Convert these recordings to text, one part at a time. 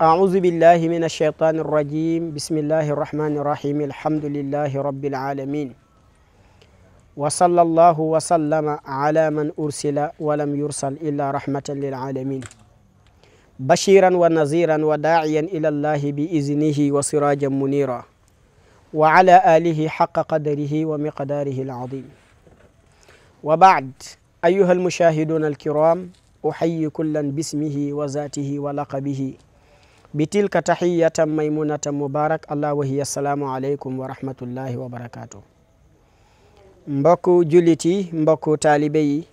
أعوذ بالله من الشيطان الرجيم بسم الله الرحمن الرحيم الحمد لله رب العالمين وصلى الله وسلم على من أرسل ولم يرسل إلا رحمة للعالمين بشيرا ونذيرا وداعيا إلى الله بإذنه وسراجا منيرا وعلى آله حق قدره ومقداره العظيم وبعد أيها المشاهدون الكرام أحيي كلا باسمه وذاته ولقبه bitilka tahiyatan maimunatan mubarak allah wahiya asalaamu aleykum wa rahmatullahi wa mbokku jullit yi mbokku taalibe yi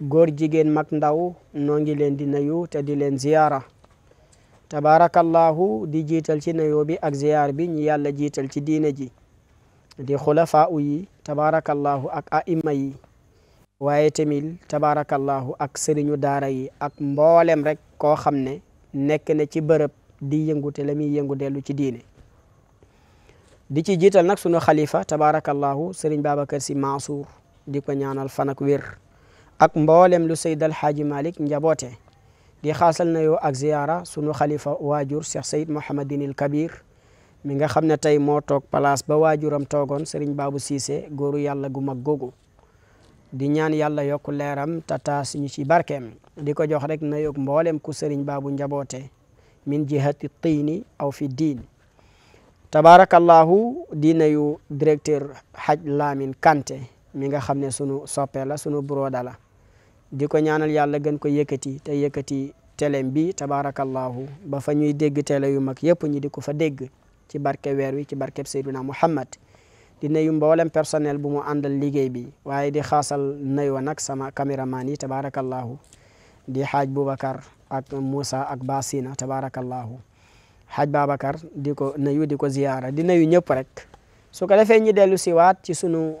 góor jigéen mag ndaw noo ngi leen di nayu te di leen ziyaara tabaarakallahu di jiital ci nuyoo bi ak ziyaar bi ñu yàlla jiital ci diine ji di xulafa yi tabaarakallahu ak aima yi waaye tamit tabarakallahu ak sëriñu daara yi ak mboolem rek koo xam ne nekk na ci bërëb di yëngu te la muy yëngu dellu ci diine di ci jiital nag sunu xalifa tabaarakallahu sëriñ Babacar si Mansour di ko ñaanal fan ak wér ak mboolem lu Seyd Alxaaji Malik njaboote di xaasal na yoo ak ziyaara sunu xalifa waajur Cheikh Seyd Mouhamadinil Kabir mi nga xam ne tey moo toog ba waajuram toogoon sëriñ Babou Cissé góoru yàlla gu mag googu di ñaan yàlla yokk leeram tataas ñu ci barkeem di ko jox rek na yoog mboolem ku sëriñ Babou njaboote min jihati tini aw fi diin tabarakallahu dinayu directeur Haj Lamine kante mi nga xam ne sunu soppee la sunu broda la di ko ñaanal yàlla gën ko yëkkati te yëkkati telem bi tabarakallahu ba fa ñuy dégg télé yu mag yëpp ñu di ko fa dégg ci barke weer wi ci barkeb Seydina Muhammad di nuyu mboolem personnel bu mu àndal liggéey bi waaye di xaasal wa nag sama caméraman yi tabarakallahu di xaaj Boubacar ak Moussa ak Basina tabaarakallaahu Haj Babacar di ko nuyu di ko ziyaara di nuyu ñëpp rek su ko defee ñi dellu siwaat ci sunu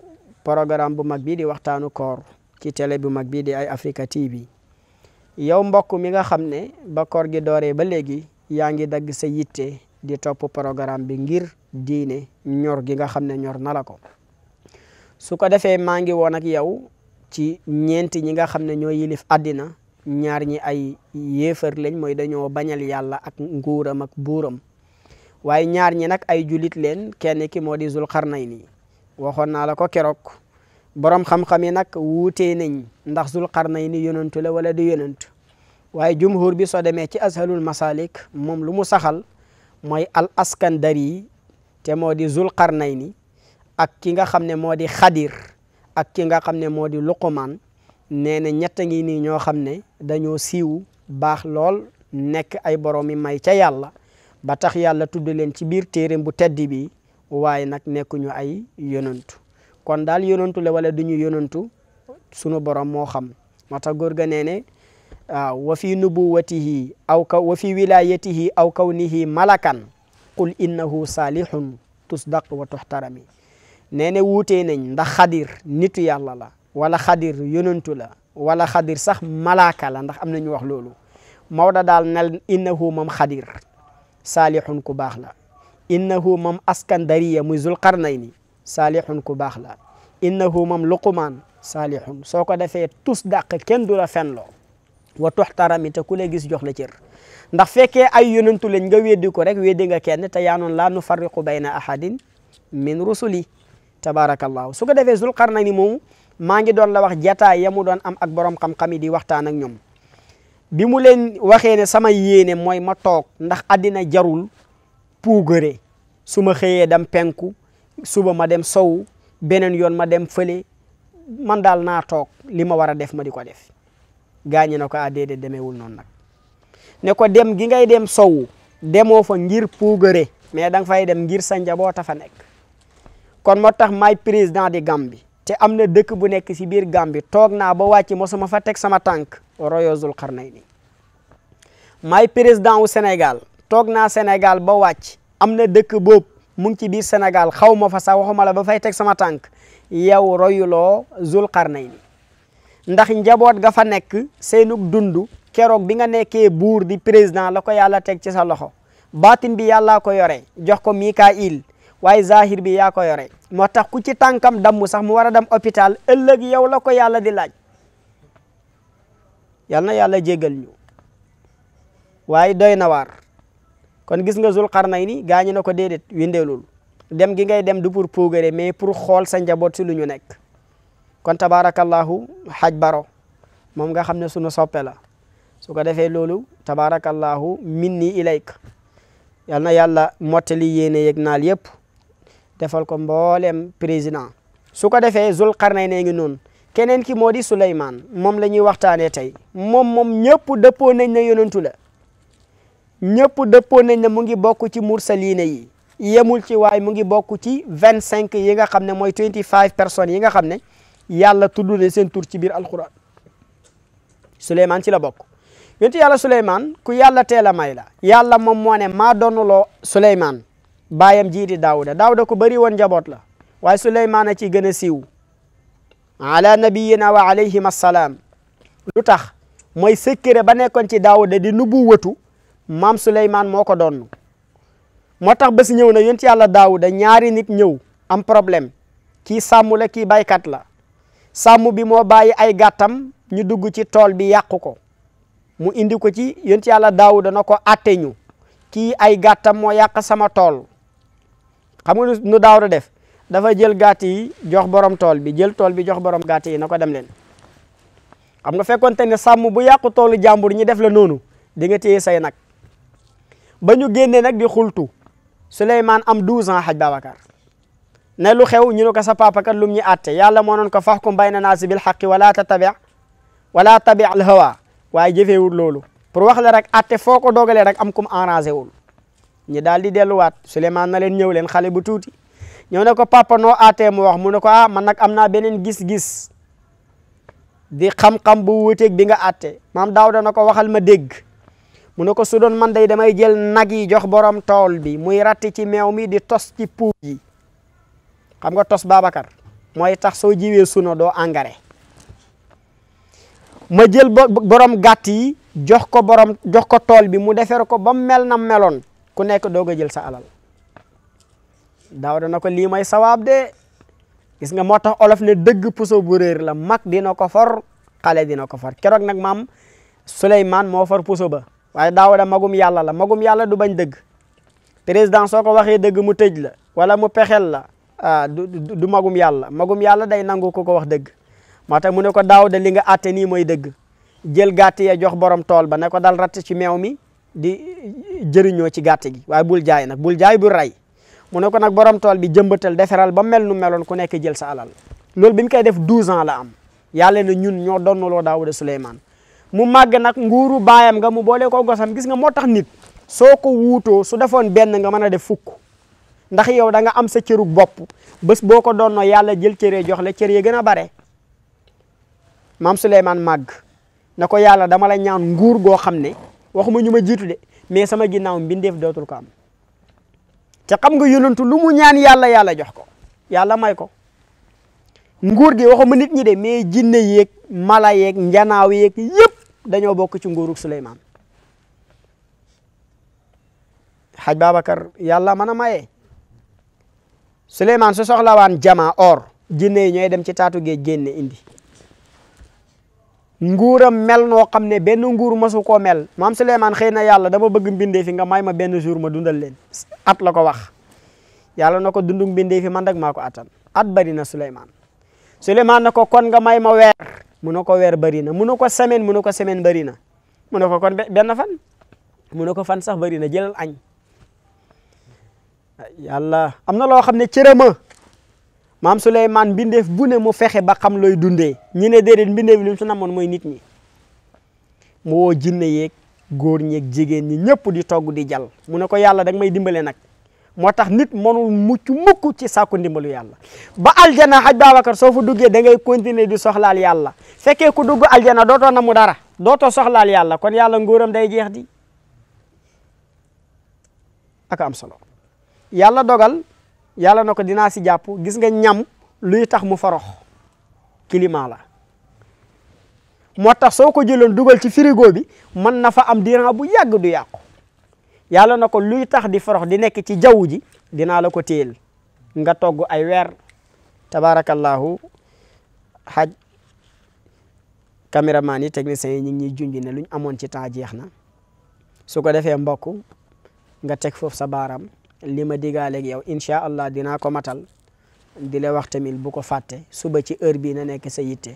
programme bu mag bii di waxtaanu koor ci tele bu mag bii di ay Africa TV yow mbokk mi nga xam ne ba koor gi dooree ba léegi yaa ngi dagg sa yitte di topp programme bi ngir diine ñor gi nga xam ne ñor na la ko su defee maa ngi woon ak ñeenti ñi nga xam ne ñoo yilif àddina ñaar ñi ay yéefar lañ mooy dañoo bañal yàlla ak nguuram ak buuram waaye ñaar ñi nag ay julit leen kenn ki moo di Zulqarnayni waxoon naa la ko keroog borom xam-xam yi nag wuutee nañ ndax Zulqarnayni yonantu la wala du yonantu waaye jumhur bi soo demee ci azhalul masalik moom lu mu saxal mooy al askandari te moo di Zulqarnayni ak ki nga xam ne moo di xadir ak ki nga xam ne moo di luqumaan nee na ñett ngi nii ñoo xam ne dañoo siiw baax lool nekk ay borom mi may ca yàlla ba tax yàlla tudd leen ci biir téeréem bu tedd bi waaye nag nekkuñu ay yonantu kon daal yonantu la wala duñu yonantu sunu borom moo xam moo tax góor ga nee ne waaw ah, wa fi nubuwatihi aw kaw wa fi malakan qul innahu saalihun tusdaq wa tuxtarami nee ne wuutee nañ ndax xadir nitu yàlla la wala xadir yonentu la wala xadir sax malaaka la ndax am na ñu wax loolu Maodo daal nel innahu moom xadir saalihun ku baax la innahu moom askandariya muy zulqarnayni saalihun ku baax la innahu moom luqumaan saalihun soo ko defee tus dàq kenn du la fenloo wa tuxtarami te ku la gis jox la cër ndax fekkee ay yonentu lañ nga weddi ko rek weddi nga kenn te yaa noon laa nufarriqu bayna ahadin min rusuli tabaarakallahu su ko defee zulqarnayni moomu maa ngi doon la wax jataay ya mu doon am ak borom xam-xam yi di waxtaan ak ñoom bi mu leen waxee ne sama yéene mooy ma toog ndax àddina jarul puugare su ma xëyee dem penku suba ma dem sow beneen yoon ma dem fële man daal naa toog li ma war a def ma di ko def gaañi na ko ah déedéet demeewul noonu nag ne ko dem gi ngay dem sow demoo fa ngir puugare mais da nga fay dem ngir sa njaboot a fa nekk kon moo tax may président di Gambie te am na dëkk bu nekk si biir Gàmbi toog naa ba wàcc mosuma fa teg sama tànk royo zul xarnayni may président wu Sénégal toog naa Sénégal ba wàcc am na dëkk boobu mu ngi ci biir Sénégal xaw ma fa sax ma la ba fay teg sama tànk yow royuloo zul xarnayni ndax njaboot ga fa nekk seenug dund keroog bi nga nekkee buur di président la ko yàlla teg ci sa loxo baatin bi yàllaa ko yore jox ko Mikaayil waaye zahir bi yaa ko yore moo tax ku ci tànkam damm sax mu war a dem hôpital ëllëg yow la ko yàlla di laaj yal na yàlla jégal ñu waaye doy na waar kon gis nga zul xarnay ni gaañu na ko déedéet windeelul dem gi ngay dem du pour pogere mais pour xool sa njaboot si lu ñu nekk kon tabaarakallahu xaj baro moom nga xam ne sunu soppe la su ko defee loolu tabaarakallahu minni ilayk yal na yàlla mottali yéene yeeg naal yëpp defal ko mboolem président su ko defee zul xarnay nee ngi noonu keneen ki moo di Souleymane moom la ñuy waxtaanee tey moom moom ñëpp dëppoo nañ ne yonantu la ñëpp dëppoo nañ ne mu ngi bokk ci mursaliine yi yemul ci waay mu ngi bokk ci vingt cinq yi nga xam ne mooy twenty five personnes yi nga xam ne yàlla tudd na seen tur ci biir alquran Souleymane ci la bokk yonentu yàlla Souleymane ku yàlla teel a may la yàlla moom moo ne maa doonuloo baayam jii di daawuda daawuda ku bari woon njaboot la waaye suleymaana ci gën a siiw ala nabiyina wa alayhim assalaam lu tax mooy sëkkëre ba nekkoon ci daawuda di nubbu wëtu maam suleymaan moo ko doon moo tax ba si ñëw na yonent yàlla daawuda ñaari nit ñëw am problème kii sàmm la ki baykat la sàmm bi moo bàyyi ay gàttam ñu dugg ci tool bi yàqu ko mu indi ko ci yonent yàlla daawuda na ko àtte ñu kii ay gàttam moo yàq sama tool xam nga nu daaw da def dafa jël gàtt yi jox borom tool bi jël tool bi jox borom gàtt yi na ko dem leen xam nga fekkonte ne sàmm bu yàqu toolu jàmbur ñi def la noonu di nga téye say nag ba ñu génnee nag di xultu Souleymane am 12 ans xaj Babacar ne lu xew ñu ne ko sa papa kat lum ñu àtte yàlla moo noon ko faxkum bayna naasi bil xaqi wala tatabi wala tabi al hawa waaye jëfeewul loolu pour wax la rek àtte foo ko doogalee rek am kum arrangé wul ñi dal di wat suleyman na len ñew len xale bu tuti ñew na ko papa no até mu wax mu ne ko ah man nak amna benen gis-gis di xam-xam bu wuté bi nga até mam dawda nako ko waxal ma deg mu ne ko su doon man day damay jël nag yi jox borom tol bi muy ratti ci mew mi di tos ci pou yi xam nga tos babakar moy tax so jiwee suno do engrais ma jël borom gatti jox ko borom jox ko tol bi mu ko ba mel na ku nekk doog a jël sa alal daaw dana ko lii may sawaab de gis nga moo tax olof ne dëgg puso bu réer la mag dina ko for xale dina ko for keroog nag maam Souleymane moo for puso ba waaye daaw magum yàlla la magum yàlla du bañ dëgg président soo ko waxee dëgg mu tëj la wala mu pexel la ah du magum yàlla magum yàlla day nangu ko ko wax dëgg moo tax mu ne ko daaw da li nga àtte nii mooy dëgg jël gàtt ya jox borom tool ba ne ko dal ratt ci meew mi. di jëriñoo ci gàtt gi waaye bul jaay nag bul jaay bu rey mu ne ko nag borom tool bi jëmbatal deferal ba mel nu meloon ku nekke jël saalal alal loolu bi mu koy def 12 ans la am yàlla na ñun ñoo donnaloo Daawuda Suleymaan mu màgg nag nguuru baayam nga mu boole ko gosam gis nga moo tax nit soo ko wuutoo su defoon benn nga mën a def fukk ndax yow da nga am sa cërug bopp bés boo ko doonnoo yàlla jël cëree jox la cër yi gën a bare maam Suleymaan màgg na ko yàlla dama la ñaan nguur goo xam ne waxuma ñu ma jiitu de mais sama ginnaaw mbindeef dootul ko am te xam nga yonantu lu mu ñaan yàlla yàlla jox ko yàlla may ko nguur gi waxuma nit ñi de mais jinne yeeg mala yeeg njanaaw yeeg yëpp dañoo bokk ci nguurug Suleymaan xaj Babacar yàlla mën a maye Suleymaan su soxlawaan jama or jinne yi ñooy dem ci taatu géej génne indi nguuram mel noo xam ne benn nguur masu koo mel maam Souleymane xëy na yàlla dama bëgg mbindee fi nga may ma benn jour ma dundal leen at la ko wax yàlla na ko dundu mbindee fi man rek maa ko attan at bëri na Souleymane Souleymane na ko kon nga may ma weer mu ne ko weer bëri na mu ne ko semaine mu ne ko semaine bëri na mu ne ko kon benn fan mu ne ko fan sax bëri na jëlal añ yàlla am na loo xam ne cërëma maam Souleymane mbindeef bu ne mu fexe ba xam looy dundee ñi ne déedéet mbindeef li mu su namoon mooy nit ñi mu woo jinne yeeg góor ñeeg jigéen ñi ñëpp di togg di jal mu ne ko yàlla danga may dimbale nag moo tax nit mënul mucc mukk ci sàkku ndimbalu yàlla ba aljana haj Babacar soo fa duggee da ngay continuer di soxlaal yàlla fekkee ku dugg aljana dootoo na mu dara dootoo soxlaal yàlla kon yàlla nguuram day jeex di ak am solo yàlla dogal yalla nako dina ci si gis nga ñam luy tax mu farox climat la motax soko jëlon duggal ci frigo bi man na fa am diiran bu yag du yaq yalla nako ko luy tax di farox di nekk ci jawu ji dina la ko teyel nga togg ay wer tabarakallahu haj cameraman yi technicien yi ñi ngi ne luñ amone ci ta jeexna suko defé nga tek fofu sa baram li ma digaaleeg yow incha allah dinaa ko matal di la wax tamit bu ko fàtte suba ci heure bii na nekk sa yitte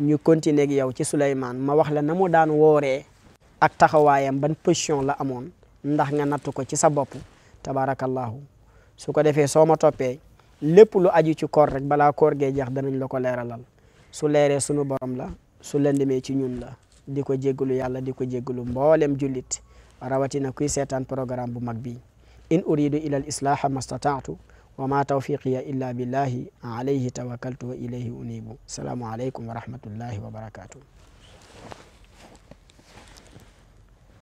ñu continuer ak yow ci Souleymane ma wax la na mu daan wooree ak taxawaayam ban position la amoon ndax nga nattu ko ci sa bopp tabarakallahu su ko defee soo ma toppee lépp lu aju ci koor rek balaa koor gee jeex danañ la ko leeralal su leeree sunu borom la su lëndëmee ci ñun la di ko jéggalu yàlla di ko jéggalu mboolem jullit rawatina kuy seetaan programme bu mag bii إن أريد إلى الإصلاح ما استطعت وما توفيقي إلا بالله عليه توكلت وإليه أنيب السلام عليكم ورحمة الله وبركاته